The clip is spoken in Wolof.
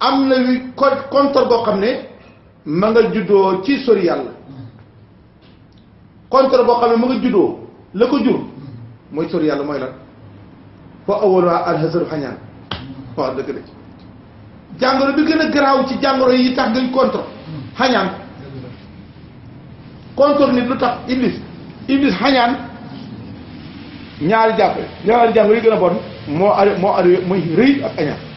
am na wi contre boo xam ne ma nga juddoo ci sori yàlla contre boo xam ne ma nga juddoo la ko jur mooy sori yàlla mooy lan fa awalwaa alhasaru xañaan waaw dëgg la jàngoro bi gën a garaaw ci jàngoro yi tax gën contre xañaan contre nit lu tax iblis iblis xañaan ñaari jàppe ñaari jàngoro yi gën a bon moo ar moo ar mooy ak añaan